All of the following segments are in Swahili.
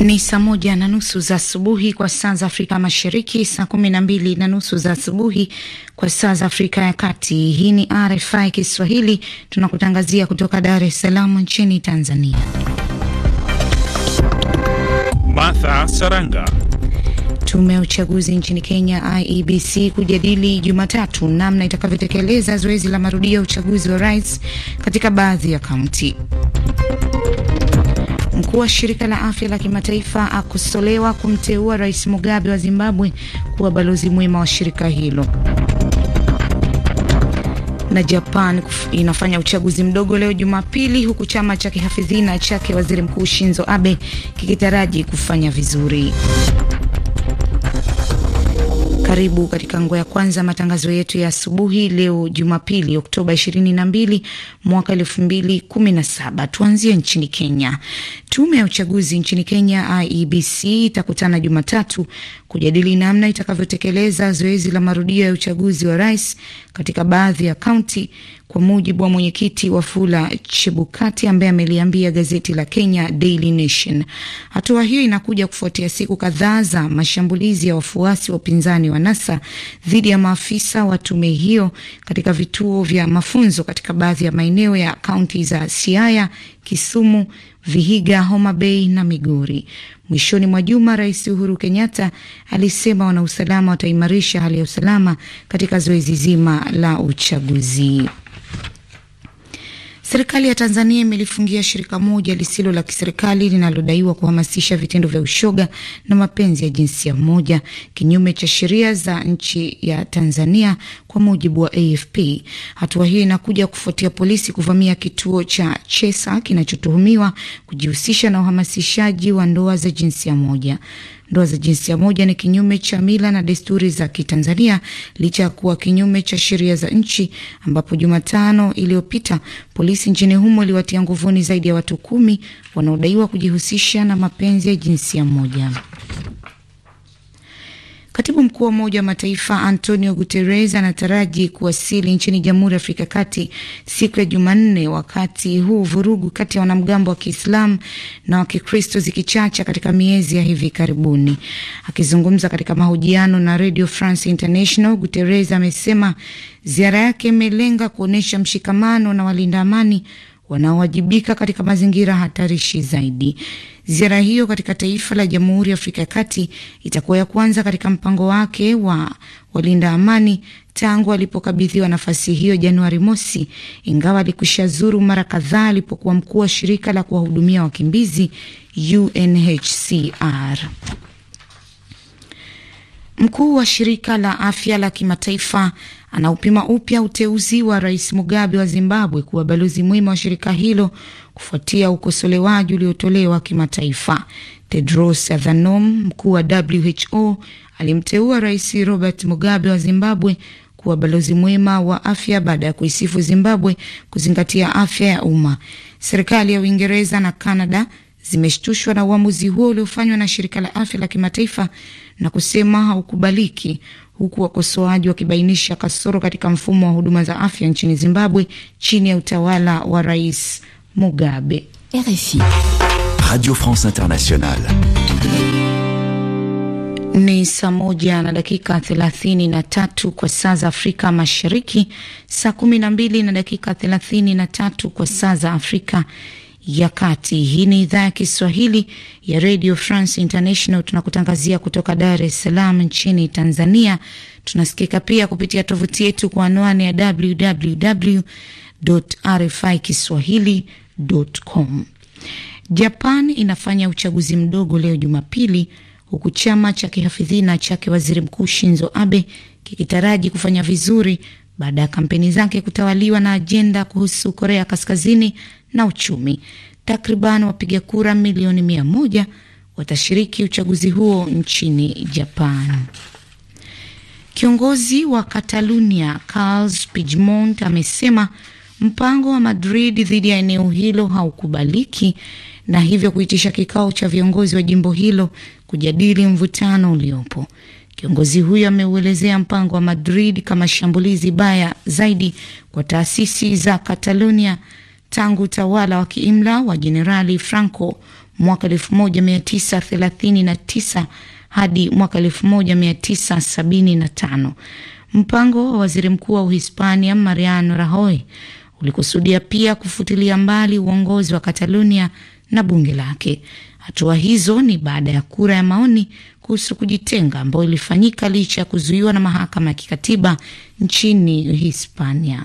Ni saa moja na nusu za asubuhi kwa saa za Afrika Mashariki, saa kumi na mbili na nusu za asubuhi kwa saa za Afrika ya Kati. Hii ni RFI Kiswahili, tunakutangazia kutoka Dar es Salaam nchini Tanzania. Martha Saranga. Tume ya uchaguzi nchini Kenya, IEBC, kujadili Jumatatu namna itakavyotekeleza zoezi la marudio ya uchaguzi wa rais katika baadhi ya kaunti. Mkuu wa shirika la afya la kimataifa akosolewa kumteua Rais Mugabe wa Zimbabwe kuwa balozi mwema wa shirika hilo. Na Japan inafanya uchaguzi mdogo leo Jumapili, huku chama cha kihafidhina chake waziri mkuu Shinzo Abe kikitaraji kufanya vizuri. Karibu katika nguo ya kwanza matangazo yetu ya asubuhi leo Jumapili, Oktoba 22 mwaka 2017. Tuanzie nchini Kenya. Tume ya uchaguzi nchini Kenya IEBC itakutana Jumatatu kujadili namna itakavyotekeleza zoezi la marudio ya uchaguzi wa rais katika baadhi ya kaunti, kwa mujibu wa mwenyekiti wa fula Chebukati ambaye ameliambia gazeti la Kenya Daily Nation. Hatua hiyo inakuja kufuatia siku kadhaa za mashambulizi ya wafuasi wa upinzani wa NASA dhidi ya maafisa wa tume hiyo katika vituo vya mafunzo katika baadhi ya maeneo ya kaunti za Siaya, Kisumu, Vihiga, Homa Bay na Migori. Mwishoni mwa juma, Rais Uhuru Kenyatta alisema wanausalama wataimarisha hali ya usalama katika zoezi zima la uchaguzi. Serikali ya Tanzania imelifungia shirika moja lisilo la kiserikali linalodaiwa kuhamasisha vitendo vya ushoga na mapenzi ya jinsia moja kinyume cha sheria za nchi ya Tanzania, kwa mujibu wa AFP. Hatua hiyo inakuja kufuatia polisi kuvamia kituo cha Chesa kinachotuhumiwa kujihusisha na uhamasishaji wa ndoa za jinsia moja. Ndoa za jinsia moja ni kinyume cha mila na desturi za Kitanzania, licha ya kuwa kinyume cha sheria za nchi, ambapo Jumatano iliyopita polisi nchini humo iliwatia nguvuni zaidi ya watu kumi wanaodaiwa kujihusisha na mapenzi ya jinsia moja. Katibu mkuu wa Umoja wa Mataifa Antonio Guterres anataraji kuwasili nchini Jamhuri ya Afrika Kati siku ya Jumanne, wakati huu vurugu kati ya wanamgambo wa Kiislamu na wa Kikristo zikichacha katika miezi ya hivi karibuni. Akizungumza katika mahojiano na Radio France International, Guterres amesema ziara yake imelenga kuonyesha mshikamano na walinda amani wanaowajibika katika mazingira hatarishi zaidi. Ziara hiyo katika taifa la Jamhuri ya Afrika ya Kati itakuwa ya kwanza katika mpango wake wa walinda amani tangu alipokabidhiwa nafasi hiyo Januari mosi, ingawa alikwisha zuru mara kadhaa alipokuwa mkuu wa shirika la kuwahudumia wakimbizi UNHCR. Mkuu wa shirika la afya la kimataifa anaupima upya uteuzi wa Rais Mugabe wa Zimbabwe kuwa balozi mwema wa shirika hilo kufuatia ukosolewaji uliotolewa kimataifa. Tedros Adhanom, mkuu wa WHO, alimteua Rais Robert Mugabe wa Zimbabwe kuwa balozi mwema wa afya baada ya kuisifu Zimbabwe kuzingatia afya ya umma. Serikali ya Uingereza na canada zimeshtushwa na uamuzi huo uliofanywa na shirika la afya la kimataifa na kusema haukubaliki, huku wakosoaji wakibainisha kasoro katika mfumo wa huduma za afya nchini Zimbabwe chini ya utawala wa Rais Mugabe. RFI, Radio France Internationale. Ni saa moja na dakika thelathini na tatu kwa saa za Afrika Mashariki, saa kumi na mbili na dakika thelathini na tatu kwa saa za Afrika ya kati. Hii ni idhaa ya Kiswahili ya Radio France International, tunakutangazia kutoka Dar es Salaam nchini Tanzania. Tunasikika pia kupitia tovuti yetu kwa anwani ya kiswahili.com. Japan inafanya uchaguzi mdogo leo Jumapili, huku chama cha kihafidhina chake waziri mkuu Shinzo Abe kikitaraji kufanya vizuri baada ya kampeni zake kutawaliwa na ajenda kuhusu Korea Kaskazini na uchumi. Takriban wapiga kura milioni mia moja watashiriki uchaguzi huo nchini Japan. Kiongozi wa Katalunia Carles Puigdemont amesema mpango wa Madrid dhidi ya eneo hilo haukubaliki na hivyo kuitisha kikao cha viongozi wa jimbo hilo kujadili mvutano uliopo. Kiongozi huyo ameuelezea mpango wa Madrid kama shambulizi baya zaidi kwa taasisi za Catalonia tangu utawala wa kiimla wa Jenerali Franco mwaka 1939 hadi mwaka 1975. Mpango wa waziri mkuu wa Uhispania Mariano Rajoy ulikusudia pia kufutilia mbali uongozi wa Katalunia na bunge lake. Hatua hizo ni baada ya kura ya maoni kuhusu kujitenga ambayo ilifanyika licha ya kuzuiwa na mahakama ya kikatiba nchini Hispania.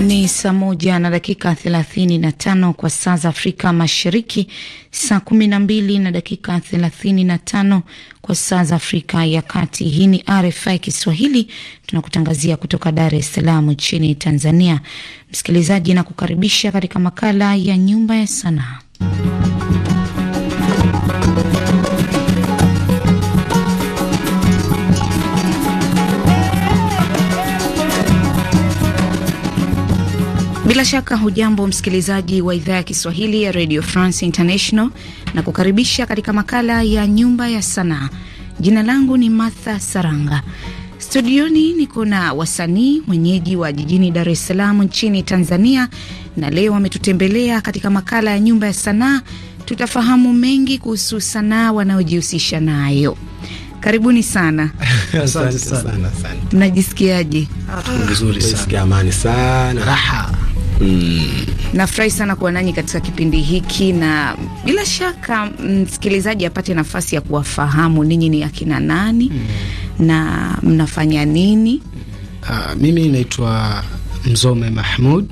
Ni saa moja na dakika thelathini na tano kwa saa za Afrika Mashariki, saa kumi na mbili na dakika thelathini na tano kwa saa za Afrika ya Kati. Hii ni RFI Kiswahili, tunakutangazia kutoka Dar es Salaam nchini Tanzania. Msikilizaji, na kukaribisha katika makala ya Nyumba ya Sanaa. Bila shaka hujambo msikilizaji wa idhaa ya Kiswahili ya Radio France International na kukaribisha katika makala ya nyumba ya sanaa. Jina langu ni Martha Saranga. Studioni niko na wasanii mwenyeji wa jijini Dar es Salaam nchini Tanzania, na leo wametutembelea katika makala ya nyumba ya sanaa. Tutafahamu mengi kuhusu sanaa wanayojihusisha nayo. Karibuni sana. Asante sana. Mnajisikiaje? Vizuri sana. Amani sana. Raha. Mm. Nafurahi sana kuwa nanyi katika kipindi hiki, na bila shaka mm, msikilizaji apate nafasi ya kuwafahamu ninyi ni akina nani mm. na mnafanya nini. Uh, mimi naitwa Mzome Mahmud,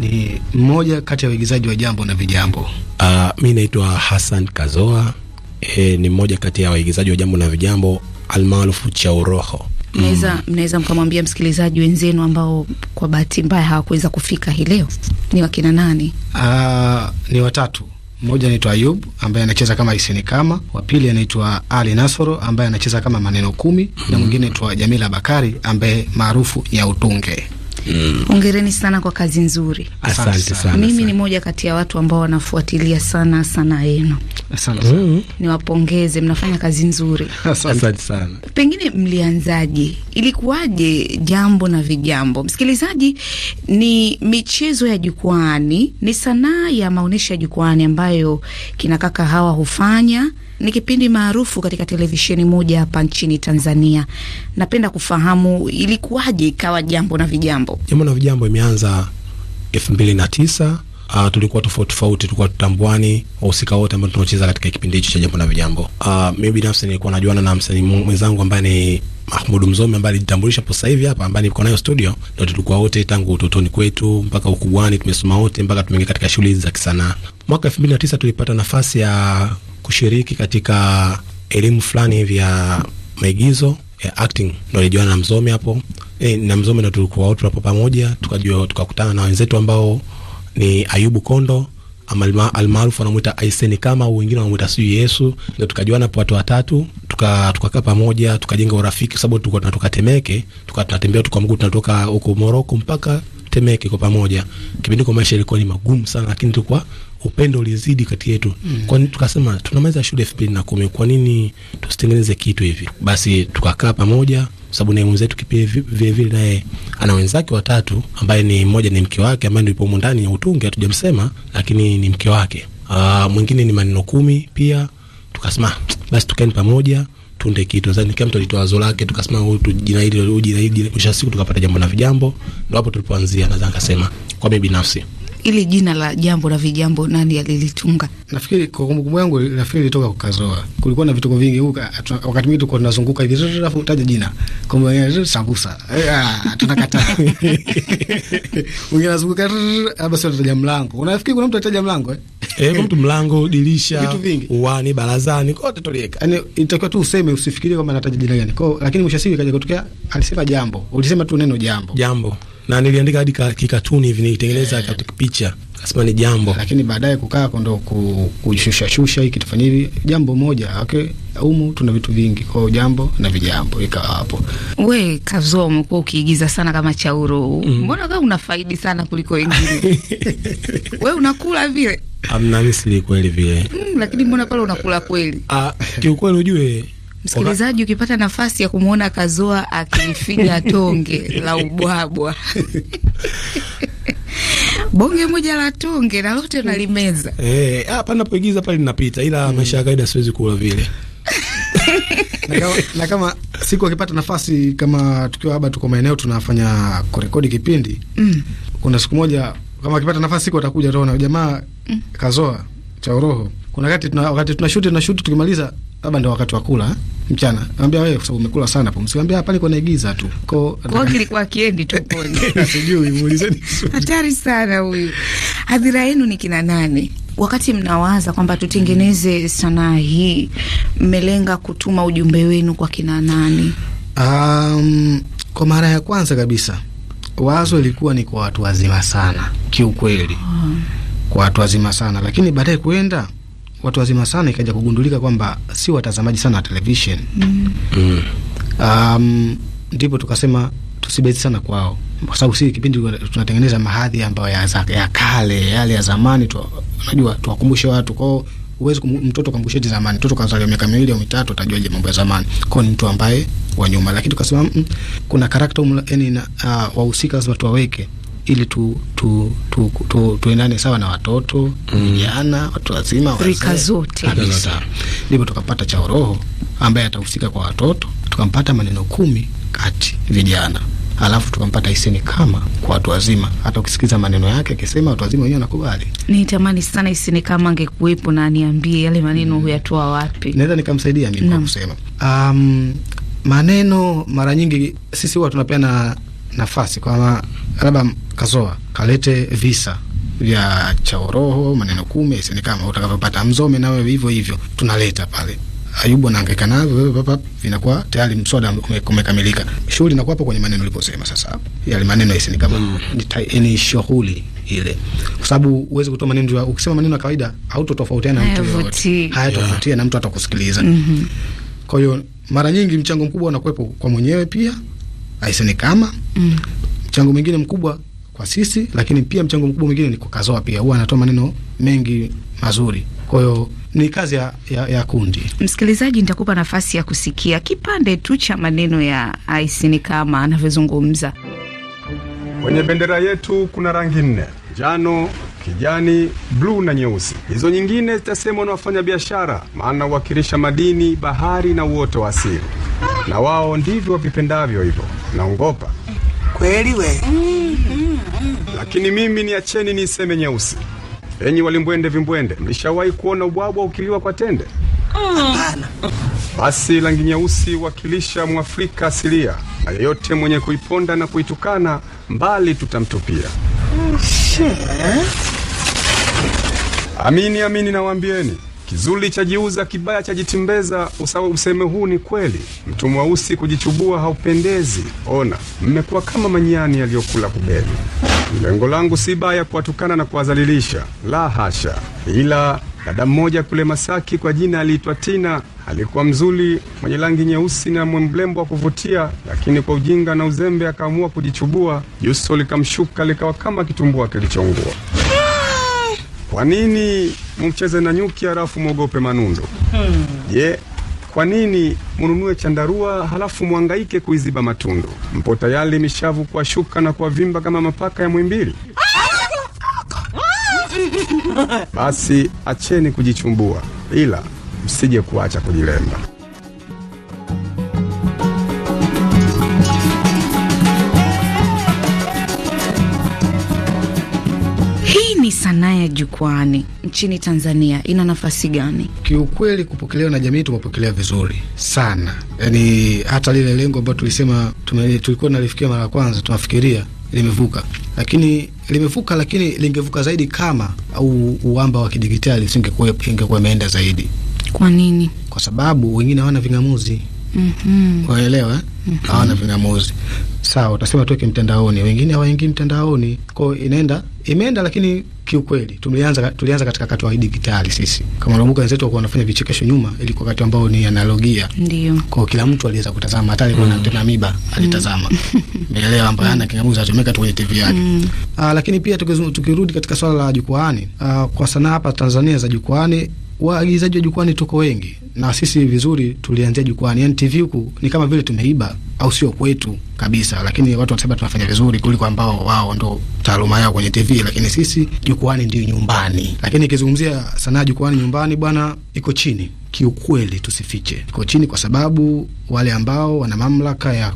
ni mmoja kati ya waigizaji wa Jambo na Vijambo. Uh, ah, mi naitwa Hassan Kazoa, e, ni mmoja kati ya waigizaji wa Jambo na Vijambo almaarufu uroho mnaweza mm. mnaweza mkamwambia msikilizaji wenzenu ambao kwa bahati mbaya hawakuweza kufika hii leo ni wakina nani? Uh, ni watatu. Mmoja anaitwa Ayub ambaye anacheza kama Iseni Kama, wa pili anaitwa Ali Nasoro ambaye anacheza kama Maneno Kumi, mm na mwingine anaitwa Jamila Bakari ambaye maarufu utunge Mm. Hongereni sana kwa kazi nzuri. Asante sana. Mimi ni moja kati ya watu ambao wanafuatilia sana sanaa yenu. Asante mm. sana. Mm. Niwapongeze, mnafanya kazi nzuri. Asante sana. Pengine mlianzaje? Ilikuwaje jambo na vijambo? Msikilizaji, ni michezo ya jukwani, ni sanaa ya maonyesho ya jukwani ambayo kina kaka hawa hufanya ni kipindi maarufu katika televisheni moja hapa nchini Tanzania. Napenda kufahamu ilikuwaje ikawa Jambo na Vijambo? Jambo na Vijambo imeanza elfu mbili na tisa. Uh, tulikuwa tofauti tofauti, tulikuwa tutambuani wahusika wote ambao tunacheza katika kipindi hicho cha Jambo na Vijambo. Uh, mimi binafsi nilikuwa najuana na msanii mwenzangu ambaye ni Mahmud Mzomi ambaye alijitambulisha hapo sasa hivi hapa, ambaye niko nayo studio. Ndio tulikuwa wote tangu utotoni kwetu mpaka ukubwani, tumesoma wote mpaka tumeingia katika shughuli za kisanaa mwaka elfu mbili na tisa tulipata nafasi ya kushiriki katika elimu fulani hivi ya maigizo ya acting, ndo nilijuana na Mzomi hapo e, na Mzomi ndo tulikuwa hapo pamoja, tukajua tukakutana na wenzetu ambao ni Ayubu Kondo almaarufu wanamwita Aiseni kama au wengine wanamwita sijui Yesu, ndo tukajuana po watu watatu, tukakaa tuka pamoja, tukajenga urafiki, sababu tulikuwa tunatoka Temeke, tukawa tunatembea tuka mguu tunatoka huko Moroko mpaka Temeke kwa pamoja. Kipindi kwa maisha ilikuwa ni magumu sana, lakini tulikuwa upendo ulizidi kati yetu mm. Kwani tukasema tunamaliza shule elfu mbili na kumi, kwa nini tusitengeneze kitu hivi? Basi tukakaa pamoja, sababu naye mwenzetu kipia vilevile naye ana wenzake watatu, ambaye ni mmoja ni mke wake, ambaye ndipo humo ndani ya utungi hatujamsema, lakini ni mke wake. Aa, ah, mwingine ni maneno kumi pia. Tukasema basi tukaeni pamoja tunde kitu sasa. Kila mtu alitoa wazo lake, tukasema huyu jina hili, huyu jina hili, kisha siku tukapata jambo na vijambo, ndio hapo tulipoanzia. Naweza nikasema kwa mimi binafsi ili jina la jambo la vijambo nani alilitunga? Nafikiri kwa kumbukumbu yangu, nafikiri ilitoka kwa Kazoa. Kulikuwa na vituko vingi huko, wakati mwingine tulikuwa tunazunguka hivi, alafu utaja jina kama sambusa, eh, ah, tunakata wengine anazunguka, basi anataja mlango. Unafikiri kuna mtu ataja mlango eh? Eh, mtu mlango, dirisha, uwani, barazani, kote tulieka. Yani itakiwa tu useme, usifikirie kwamba anataja jina gani. kwao, lakini mwisho siku ikaja kutokea, alisema jambo, ulisema tu neno jambo, jambo na niliandika hadi kikatuni hivi, nilitengeneza yeah. katika picha Kasema ni jambo lakini baadaye kukaa ndo kushusha shusha hiki tufanye hivi jambo moja okay. Umu tuna vitu vingi kwa jambo na vijambo ikawa hapo. We kazoa umekuwa ukiigiza sana kama chauro mm-hmm. mbona mm. kama unafaidi sana kuliko wengine we unakula vile amna misli kweli vile mm, lakini mbona pale unakula kweli? Ah, kiukweli ujue Msikilizaji, ukipata nafasi ya kumwona Kazoa akifiga tonge la ubwabwa bonge moja la tonge na lote nalimeza. Eh, hapa napoigiza pale linapita, ila hmm, maisha ya kawaida siwezi kula vile na, kama, na kama siku akipata nafasi kama tukiwa haba tuko maeneo tunafanya kurekodi kipindi mm, kuna siku moja kama akipata nafasi siku atakuja, utaona jamaa mm, Kazoa cha uroho. Kuna wakati tuna wakati tunashuti tunashuti tukimaliza labda ndio wakati wa kula eh, mchana. Anambia wewe kwa sababu umekula sana hapo. Msiambia pale kuna igiza tu. Kwa kwa kiendi tu pole. Sijui muulizeni. Hatari sana huyu. Hadhira yenu ni kina nani? Wakati mnawaza kwamba tutengeneze sanaa hii, mmelenga kutuma ujumbe wenu kwa kina nani? Um, kwa mara ya kwanza kabisa wazo ilikuwa ni kwa watu wazima sana kiukweli. Ah. Kwa watu wazima sana lakini baadaye kuenda watu wazima sana, ikaja kugundulika kwamba si watazamaji sana wa television mm. um, ndipo tukasema tusibezi sana kwao, kwa sababu si kipindi tunatengeneza mahadhi ambayo ya, ya kale yale ya zamani. Unajua, tuwakumbushe watu kwao Uwezi mtoto kumkumbusha zamani. Mtoto kazaliwa miaka miwili au mitatu, atajuaje mambo ya zamani? Kwao ni mtu ambaye wa nyuma, lakini tukasema mm, kuna karakta, mm, yani uh, wahusika lazima tuwaweke ili tu, tu, tu, tu, tu, tuendane sawa na watoto mm. vijana, mm. watu wazima, rika zote kabisa. Ndipo tukapata cha roho ambaye atahusika kwa watoto, tukampata maneno kumi kati vijana alafu tukampata Hiseni Kama kwa watu wazima. Hata ukisikiza maneno yake akisema, watu wazima wenyewe wanakubali. Nitamani sana Hiseni Kama angekuwepo na aniambie yale maneno mm. huyatoa wapi, naweza nikamsaidia mimi kwa kusema um, maneno. Mara nyingi sisi huwa tunapeana nafasi kwamba labda Kazoa kalete visa vya chaoroho maneno kume sini kama utakavyopata mzome nawe hivyo hivyo, tunaleta pale Ayubu anahangaika navyo papa, vinakuwa tayari mswada umekamilika. Shughuli inakuwa hapo kwenye maneno uliposema. Sasa yale maneno yasini kama mm. ni, shughuli ile, kwa sababu uweze kutoa maneno ya ukisema maneno ya kawaida hautotofautiana na mtu yoyote, hayatofautiana na mtu atakusikiliza. mm -hmm. Kwa hiyo mara nyingi mchango mkubwa unakuwepo kwa mwenyewe pia Aisoni Kama mm. mchango mwingine mkubwa kwa sisi, lakini pia mchango mkubwa mwingine ni kwa Kazoa, pia huwa anatoa maneno mengi mazuri, kwa hiyo ni kazi ya, ya, ya kundi. Msikilizaji, nitakupa nafasi ya kusikia kipande tu cha maneno ya Aisoni Kama anavyozungumza. Kwenye bendera yetu kuna rangi nne: njano, kijani, bluu na nyeusi. Hizo nyingine zitasemwa na wafanya biashara, maana huwakilisha madini, bahari na uoto wa asili, na wao ndivyo wavipendavyo hivyo. Naongopa kweli we. mm, mm, mm. Lakini mimi niacheni niiseme nyeusi. Enyi walimbwende, vimbwende, mlishawahi kuona ubwabwa ukiliwa kwa tende? Hapana. mm. Basi rangi nyeusi wakilisha Mwafrika asilia, na yeyote mwenye kuiponda na kuitukana mbali tutamtupia. Amini amini nawaambieni, kizuri chajiuza, kibaya usawa Useme huu ni kweli. Mtu mweusi kujichubua haupendezi. Ona, mmekuwa kama manyani yaliyokula kubeli. Lengo langu si baya kuwatukana na kuwazalilisha la hasha, ila Dada mmoja kule Masaki kwa jina aliitwa Tina, alikuwa mzuri, mwenye rangi nyeusi na mwemlembo wa kuvutia, lakini kwa ujinga na uzembe akaamua kujichubua. Juso likamshuka likawa kama kitumbua kilichoungua. Kwa nini mcheze na nyuki halafu mwogope manundo? Je, Kwa nini mununue chandarua halafu mwangaike kuiziba matundu? Mpo tayari mishavu kuwashuka na kuwavimba kama mapaka ya mwimbili. Basi acheni kujichumbua, ila msije kuacha kujilemba. Sanaa ya jukwani nchini Tanzania ina nafasi gani? Kiukweli, kupokelewa na jamii, tumepokelewa vizuri sana, yani hata lile lengo ambalo tulisema tulikuwa nalifikia mara ya kwanza, tunafikiria limevuka, lakini limevuka, lakini lingevuka zaidi kama au uwamba wa kidigitali usingekuwepo, ingekuwa imeenda zaidi. Kwa nini? Kwa sababu wengine hawana vingamuzi mm -hmm. Waelewa mm hawana -hmm. vingamuzi sawa, utasema tuweke mtandaoni, wengine hawaingii mtandaoni kwao, inaenda imeenda, lakini kiukweli tulianza tulianza katika kati wa digitali sisi. Kama unakumbuka wenzetu walikuwa wanafanya vichekesho nyuma, ilikuwa wakati ambao ni analogia. Ndio. Kwa kila mtu aliweza kutazama, hata alikuwa anatema mm. miba alitazama. Mm. Umeelewa ambaye ana kingamuzi atumeka tu kwenye TV yake. Mm. Ah, lakini pia tukirudi katika swala la jukwaani, ah, kwa sanaa hapa Tanzania za jukwaani waagizaji wa jukwaani tuko wengi, na sisi vizuri tulianzia jukwaani Yani TV huku ni kama vile tumeiba au sio kwetu kabisa, lakini watu wanasema tunafanya vizuri kuliko ambao wao ndo taaluma yao kwenye TV, lakini sisi jukwani ndio nyumbani. Lakini ikizungumzia sanaa jukwani nyumbani, bwana, iko chini kiukweli, tusifiche, iko chini kwa sababu wale ambao wana mamlaka ya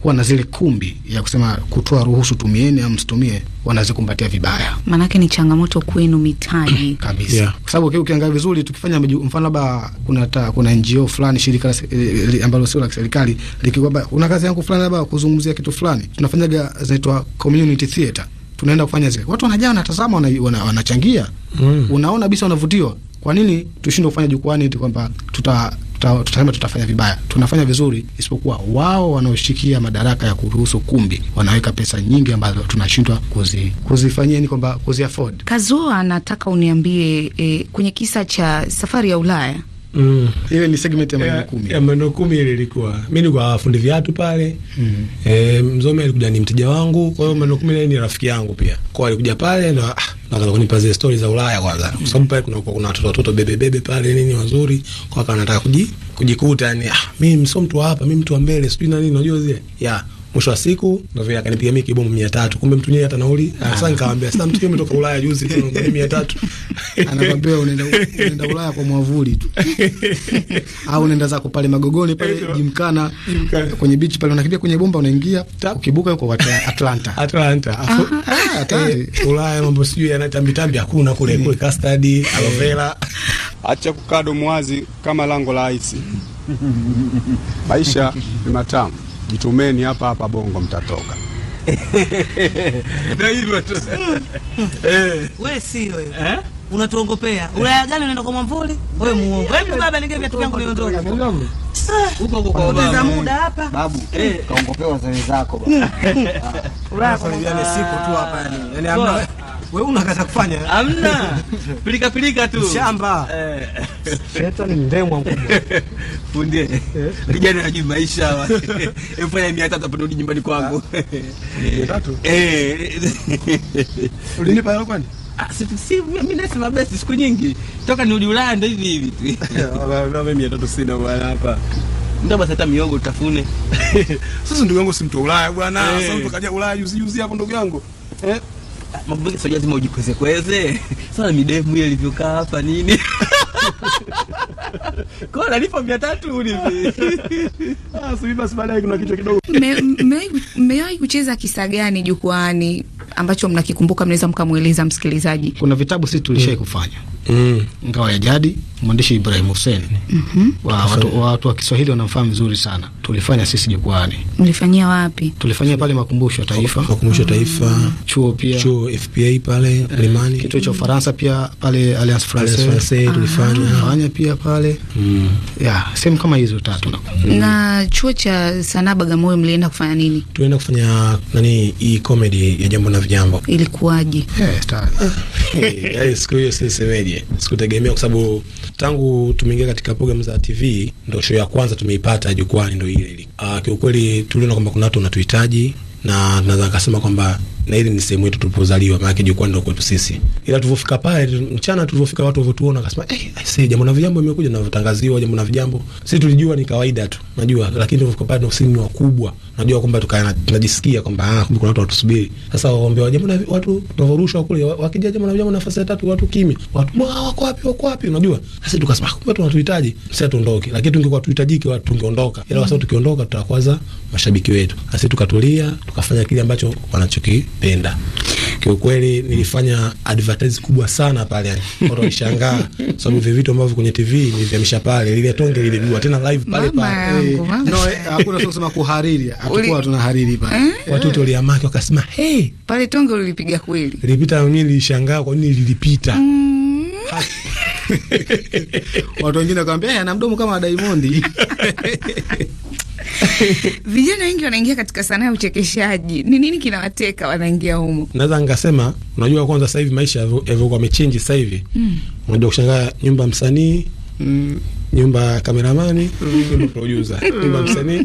kuwa na zile kumbi ya kusema kutoa ruhusu tumieni au msitumie wanazikumbatia vibaya. Maanake ni changamoto kwenu mitaji kabisa, yeah. Kwa sababu ukiangalia vizuri, tukifanya mfano labda kuna ta, kuna NGO fulani shirika eh, eh ambalo sio la serikali likikwamba una kazi yangu fulani labda kuzungumzia kitu fulani, tunafanyaga zinaitwa community theater tunaenda kufanya zile, watu wanajaa wanatazama, wanachangia wana, wana mm. Unaona kabisa wanavutiwa, kwa nini tushindwe kufanya jukwani kwamba tuta tutasema tutafanya vibaya. Tunafanya vizuri, isipokuwa wao wanaoshikia madaraka ya kuruhusu kumbi wanaweka pesa nyingi ambazo tunashindwa kuzi, kuzifanyia ni kwamba kuzi afford. Kazoa anataka uniambie e, kwenye kisa cha safari ya Ulaya Mm. Ile ni segment ya maneno kumi. Ya maneno kumi ile ilikuwa. Mimi nilikuwa fundi viatu pale. Mm. Eh, Mzome alikuja ni mteja wangu, kwa hiyo maneno kumi ile ni rafiki yangu pia. Kwa hiyo alikuja pale na na ah, nakaanza kunipa zile stories za Ulaya kwanza. Mm. Kwa sababu pale kuna kuna watoto watoto bebe bebe pale nini wazuri, kwa hiyo anataka kuji kujikuta yani ah, mimi sio mtu hapa, mimi mtu wa mbele, sijui na nini unajua zile. Yeah mwisho wa siku ndo vile akanipiga mimi kibomu mia tatu kumbe mtu nyewe hata nauli ah, sasa nikamwambia sasa mtu umetoka Ulaya juzi tu na mia tatu anakwambia unaenda unaenda Ulaya kwa mwavuli tu au unaenda zako pale Magogoni pale Jimkana kwenye beach pale unakimbia kwenye bomba unaingia ukibuka huko kwa Atlanta Atlanta ah, ah, eh, Ulaya mambo sijui yanatambi tambi hakuna kule kule mm. custard aloe vera acha kukaa domwazi kama lango la aisi maisha ni matamu jitumeni hapa hapa Bongo mtatoka. na hivyo tu Eh. wewe, si wewe Eh? unatuongopea. Ulaya gani unaenda kwa Mwamvuli? Wewe muongo. Hebu baba nige vitu vyangu niondoke. Ah. Huko huko kwa baba. muda hapa. Babu, eh. kaongopewa zani zako baba. Ulaya kwa siku tu hapa yani. Yaani wewe una kaza kufanya? Hamna. Pilika pilika tu. Shamba. Eh. Shetani ndemwa mkubwa. Fundie. Eh. Kijana anajui maisha Efanya Hebu fanya 300 atarudi nyumbani kwangu. Ah. 300? Eh. Ulinipa hilo kwani? Ah, si si mimi nasema basi siku nyingi. Toka ni uli Ulaya ndio hivi hivi tu. Na Mimi 300 sina bwana hapa. Ndio basi hata miogo utafune. Sasa ndugu yangu si mtu Ulaya bwana. Sasa eh. mtu kaja Ulaya juzi juzi hapo ndugu yangu. Eh? mambo sio lazima ujikweze kweze sana midemu ile ilivyokaa hapa nini kwa nalipa mia tatu hivi ah, sijui basi baadaye kuna kichwa kidogo. Mmewahi kucheza kisa gani jukwani ambacho mnakikumbuka, mnaweza mkamweleza msikilizaji? Kuna vitabu sisi tulishai kufanya mm. Ngao ya Jadi, mwandishi Ibrahim Hussein mm -hmm. watu, watu wa Kiswahili wanamfahamu vizuri sana. Tulifanya sisi jukwani. Mlifanyia wapi? Tulifanyia pale makumbusho ya taifa, makumbusho ya taifa, mm. chuo pia, chuo FPA pale eh, Mlimani, kituo cha Ufaransa pia pale Alliance Francaise tulifanya ah. fanya pia pale mm. yeah, sehemu kama hizo tatu mm. na chuo cha sanaa Bagamoyo mlienda kufanya nini? Tulienda kufanya nani, hii comedy ya jambo na vijambo. Ilikuwaje? yeah, yaani siku hiyo sisemeje niambie. Sikutegemea kwa sababu tangu tumeingia katika programu za TV ndo show ya kwanza tumeipata jukwani ndo ile ile. Ah, kiukweli tuliona kwamba kuna watu wanatuhitaji na naweza kusema kwamba na ile ni sehemu yetu tulipozaliwa, maana jukwani ndo kwetu sisi. Ila tulivyofika pale mchana, tulivyofika watu walivyotuona akasema eh, hey, I say jambo na vijambo imekuja na vitangaziwa jambo na vijambo. Sisi tulijua ni kawaida tu, najua, lakini tulivyofika pale ndo sisi ni wakubwa najua kwamba tukaana tunajisikia kwamba ah, kumbe kuna watu watusubiri. Sasa waombe wa jambo na watu tunavorushwa kule, wakija jambo na jambo nafasi ya tatu, watu kimya, watu wako wapi, wako wapi, unajua. Sasa tukasema ah, kumbe tunatuhitaji sasa tuondoke, lakini tungekuwa tuhitajiki watu tungeondoka, ila sasa tukiondoka, tutakwaza mashabiki wetu. Sasa tukatulia, tukafanya kile ambacho wanachokipenda. Kiukweli nilifanya advertise kubwa sana pale, watu walishangaa sababu vile vitu ambavyo kwenye TV nilivyamisha pale, lile tonge lile dua tena live pale pale, no eh, hakuna kusema kuhariri hatukuwa tuna hariri pale eh, watoto waliamaki wakasema hey, pale tonge ulipiga kweli, lipita mimi nilishangaa kwa nini lilipita mm. watu wengine wakamwambia ana mdomo kama Diamond vijana wengi wanaingia katika sanaa ya uchekeshaji. Ni nini kinawateka wanaingia humo? Naweza nikasema, unajua kwanza, sasa hivi maisha yavyokuwa yamechenji sasa hivi mm. unajua kushangaa nyumba msanii mm nyumba ya kameramani, mm. nyumba producer, mm. nyumba msanii,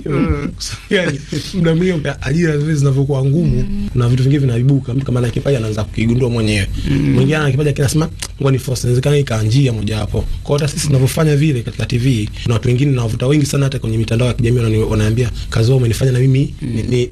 yani mm. muda mwingi ajira zile zinavyokuwa ngumu, na vitu vingine vinaibuka. Mtu kama ana kipaji anaanza kukigundua mwenyewe, mwingine ana kipaji kinasema ngoja ni force, inawezekana ikawa njia moja hapo. Kwa hata sisi tunavyofanya vile katika TV na watu wengine na wavuta wengi sana, hata kwenye mitandao ya kijamii wanaambia kazi umenifanya na mimi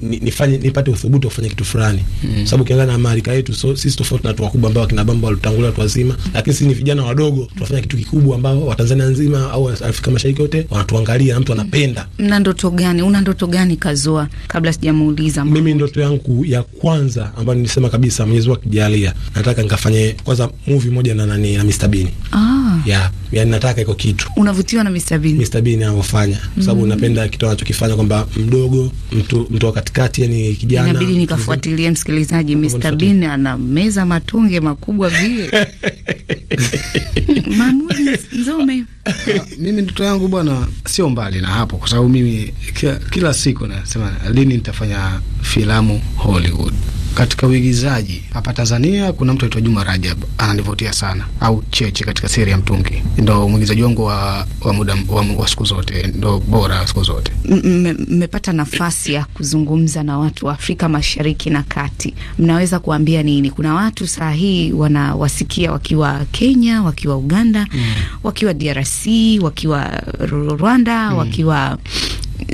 nifanye nipate uthubutu wa kufanya kitu fulani, sababu kiangana na Amerika yetu, so sisi tofauti na watu wakubwa ambao kina bamba walitangulia watu wazima, lakini sisi ni vijana wadogo tunafanya kitu kikubwa ambao Watanzania nzima au Afrika Mashariki yote wanatuangalia, mtu anapenda. Mna ndoto gani? Una ndoto gani Kazoa, kabla sijamuuliza? Mimi ndoto yangu ya kwanza ambayo nilisema kabisa, Mwenyezi Mungu akijalia, nataka nikafanye kwanza movie moja na nani na Mr Bean. Ah. Ya, yani nataka iko kitu. Unavutiwa na Mr Bean? Mr Bean anavyofanya kwa sababu mm. napenda kitu anachokifanya kwamba mdogo, mtu mtu wa katikati, yani kijana. Inabidi nikafuatilie msikilizaji, Mr Bean meza matunge makubwa vile. Mahmoud Nzome mimi ndoto yangu bwana, sio mbali na hapo, kwa sababu mimi kila, kila siku nasema lini nitafanya filamu Hollywood katika uigizaji hapa Tanzania kuna mtu aitwa Juma Rajab ananivutia sana, au Cheche katika seri ya mtungi, ndo mwigizaji wangu wa wa muda wa, wa siku zote, ndo bora siku zote. Mmepata nafasi ya kuzungumza na watu wa Afrika Mashariki na Kati, mnaweza kuambia nini? Kuna watu saa hii wanawasikia wakiwa Kenya, wakiwa Uganda, mm. wakiwa DRC, wakiwa Rwanda, mm. wakiwa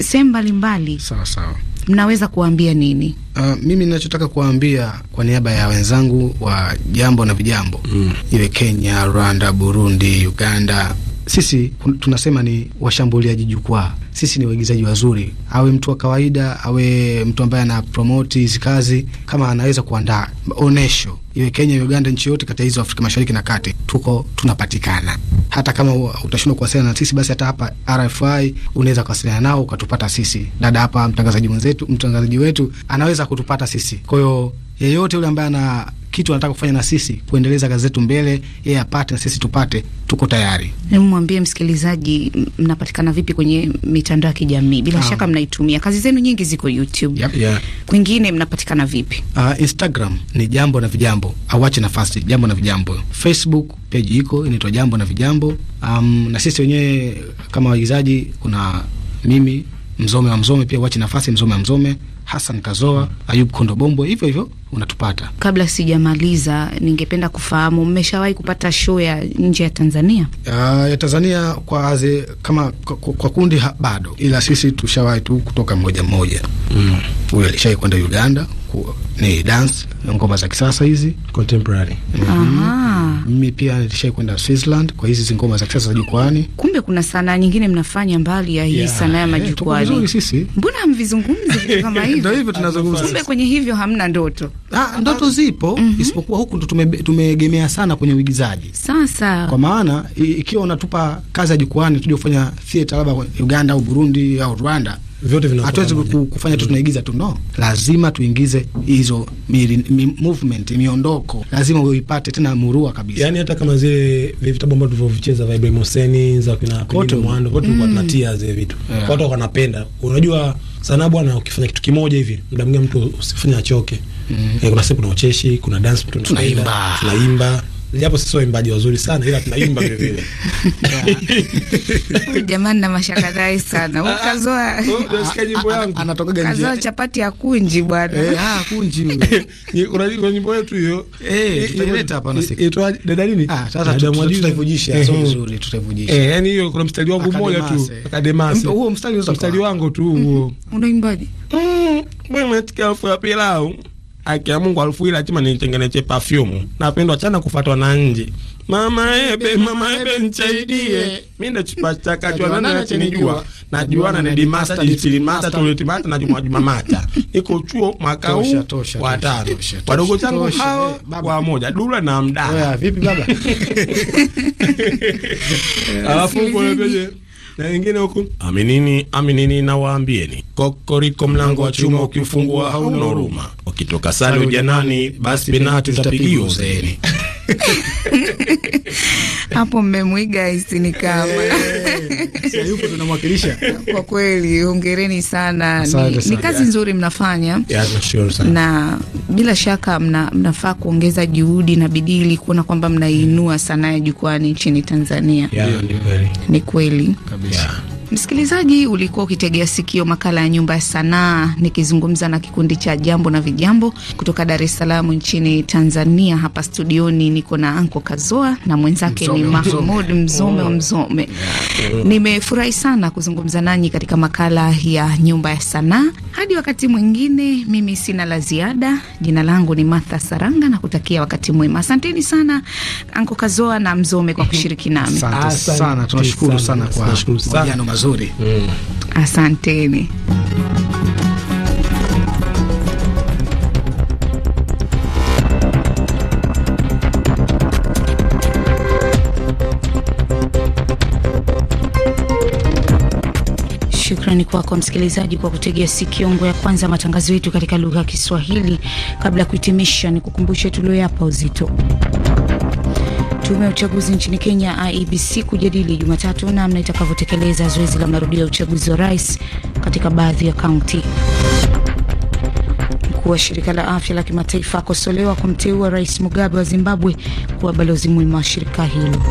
sehemu mbalimbali. Sawa sawa mnaweza kuwaambia nini? Uh, mimi ninachotaka kuwaambia kwa niaba ya wenzangu wa jambo na vijambo mm. iwe Kenya, Rwanda, Burundi, Uganda sisi tunasema ni washambuliaji jukwaa. Sisi ni waigizaji wazuri, awe mtu wa kawaida, awe mtu ambaye ana promoti hizi kazi, kama anaweza kuandaa onesho iwe Kenya, Uganda, nchi yote kati hizo Afrika Mashariki na Kati, tuko tunapatikana. Hata kama utashindwa kuwasiliana na sisi, basi hata hapa RFI unaweza kuwasiliana nao ukatupata sisi. Dada hapa, mtangazaji mwenzetu, mtangazaji wetu anaweza kutupata sisi, kwa hiyo yeyote yule ambaye ana kitu anataka kufanya na sisi kuendeleza kazi zetu mbele, yeye apate na sisi tupate, tuko tayari. Mwambie msikilizaji, mnapatikana vipi kwenye mitandao ya kijamii? Bila Aa, ah. shaka mnaitumia, kazi zenu nyingi ziko YouTube. Yep, yeah. Kwingine mnapatikana vipi? Uh, Instagram ni jambo na vijambo, awache ah, nafasi jambo na vijambo. Facebook page iko inaitwa jambo na vijambo. Um, na sisi wenyewe kama waigizaji kuna mimi Mzome wa Mzome, pia wache nafasi Mzome wa Mzome Hassan Kazoa, Ayub Kondobombo, hivyo hivyo unatupata. Kabla sijamaliza, ningependa kufahamu mmeshawahi kupata show ya nje ya Tanzania? Ya, ya Tanzania kwa aze, kama kwa, kwa kundi ha, bado, ila sisi tushawahi tu kutoka mmoja mmoja mm. Huyo alishawahi kwenda Uganda ku, ni dance ngoma za kisasa hizi contemporary mm -hmm. Mimi pia nilishai kwenda Switzerland kwa hizi ngoma za kisasa za jukwaani. Kumbe kuna sanaa nyingine mnafanya mbali ya hii yeah, sanaa ya eh, majukwaani. Yeah, sisi mbona hamvizungumzi vitu kama hivi? Ndio hivyo tunazungumza. Kumbe kwenye hivyo hamna ndoto? Ah, ndoto zipo mm -hmm. Isipokuwa huku ndo tumeegemea sana kwenye uigizaji sasa, kwa maana ikiwa unatupa kazi ya jukwaani tuje kufanya theater labda Uganda au Burundi au Rwanda vyote vina, hatuwezi kufanya tu tunaigiza tu, no, lazima tuingize hizo mi, movement miondoko, lazima uipate tena murua kabisa. Yani hata kama zile vitabu ambavyo tulivyocheza vya Ibrahim Hussein za kina Kote Mwando kote tulikuwa mm. tunatia zile vitu yeah. Watu wanapenda, unajua sana bwana, ukifanya kitu kimoja hivi muda mwingine mtu usifanye achoke. Mm. E, kuna siku kuna ucheshi, kuna dance, tunaimba tunaimba japo sisi waimbaji wazuri sana ila tunaimba vile vile. Jamani, na mashaka dai sana ukazoa, unasikia ah, oh, ah, nyimbo ah, yangu anatokaga nje, kazoa chapati ya kunji bwana. Eh, ah kunji ni unajua kwa nyimbo yetu hiyo eh, tutaleta hapa na siku itwa dada nini. Ah, sasa tutaivujisha, eh, sio nzuri, eh. tutaivujisha eh, yani hiyo kuna mstari wangu mmoja tu akademasi, huo mstari mstari wangu tu mm-hmm. huo. Unaimbaje? Mmm, mwana tikao pilau Haki ya Mungu, harufu ile lazima nitengenezee perfume. Napendwa sana kufatwa na nje. Mama ebe, mama ebe nchaidie. Minda chupa chaka jua nani anachinijua. Najua na ndi master jitili master tuleti master na juma juma mata. Niko chuo mwaka huu wa tano. Wadogo zangu hao kwa eh, moja dula na mda. Oya vipi baba? Alafu kwa kwenye na ingine huku aminini, aminini na waambieni. kokoriko mlango wa chuma ukiufungua hauna huruma Wakitoka sare ujanani, basi penati tutapigiwa uzeeni. hapo mmemwiga Isinikama eh. yupo tunamwakilisha kwa kweli. Hongereni sana, ni, Ni kazi nzuri mnafanya yeah, Na bila shaka mna, mnafaa kuongeza juhudi na bidii ili kuona kwamba mnaiinua sanaa ya jukwani nchini Tanzania yeah, ni kweli Msikilizaji, ulikuwa ukitegea sikio makala ya Nyumba ya Sanaa nikizungumza na kikundi cha Jambo na Vijambo kutoka Dar es Salaam nchini Tanzania. Hapa studioni niko na Anko Kazoa na mwenzake ni Mahmud Mzome wa oh. Mzome. Nimefurahi sana kuzungumza nanyi katika makala ya Nyumba ya Sanaa. Hadi wakati mwingine, mimi sina la ziada. Jina langu ni Martha Saranga na kutakia wakati mwema. Asanteni sana Anko Kazoa na Mzome kwa kushiriki nami. Asante sana, tunashukuru sana kwa mahojiano mazuri. Asanteni. Shukrani kwako msikilizaji kwa kutegea sikiongo ya kwanza matangazo yetu katika lugha ya Kiswahili. Kabla ya kuhitimisha, ni kukumbushe tulioyapa uzito Tume ya uchaguzi nchini Kenya IEBC kujadili Jumatatu namna itakavyotekeleza zoezi la marudio ya uchaguzi wa rais katika baadhi ya kaunti. Mkuu wa shirika la afya la kimataifa akosolewa kumteua Rais Mugabe wa Zimbabwe kuwa balozi muhimu wa shirika hilo.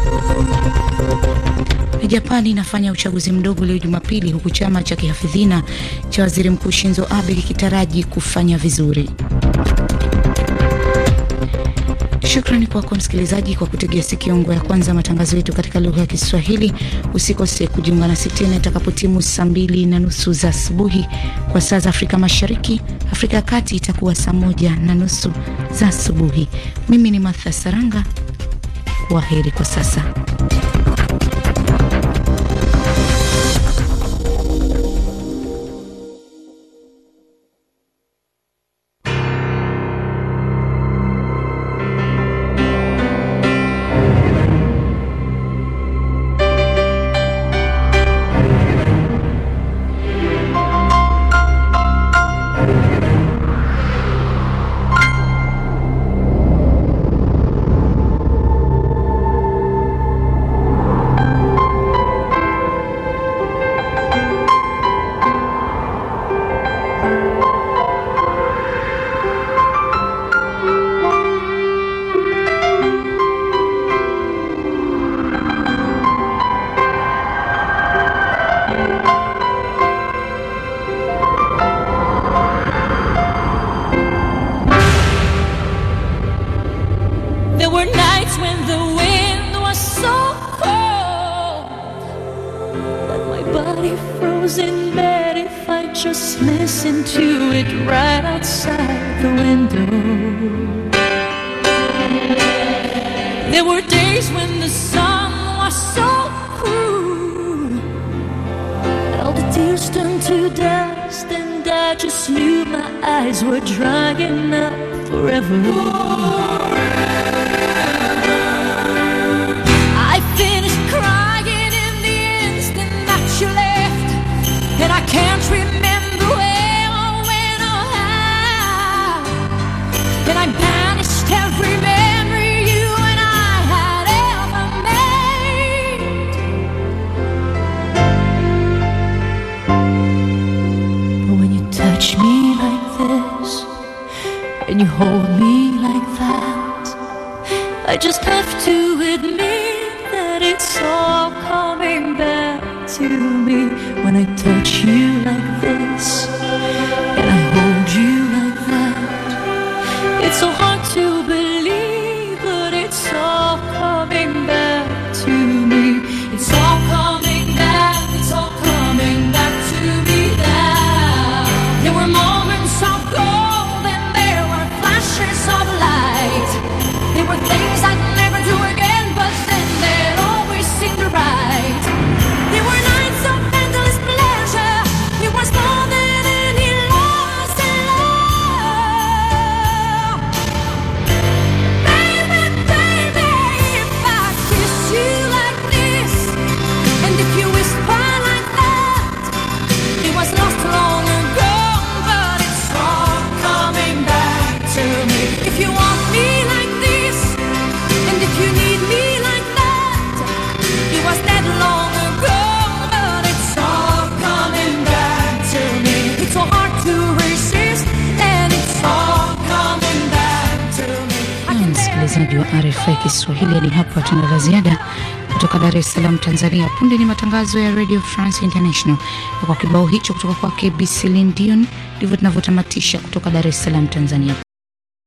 Japani inafanya uchaguzi mdogo leo Jumapili, huku chama cha kihafidhina cha waziri mkuu Shinzo Abe kikitaraji kufanya vizuri. Shukrani kwako msikilizaji kwa kutegea sikiongo ya kwanza matangazo yetu katika lugha ya Kiswahili. Usikose kujiunga nasi tena itakapotimu saa mbili na nusu za asubuhi kwa saa za Afrika Mashariki. Afrika ya Kati itakuwa saa moja na nusu za asubuhi. Mimi ni Martha Saranga, kwa heri kwa sasa. Can't remember where when or how. Then I banished every memory you and I had ever made. But when you touch me like this, and you hold me like that, I just have Tanzania. Punde ni matangazo ya Radio France International, na kwa kibao hicho kutoka kwake Biselin Lindion ndivyo tunavyotamatisha kutoka Dar es Salaam, Tanzania.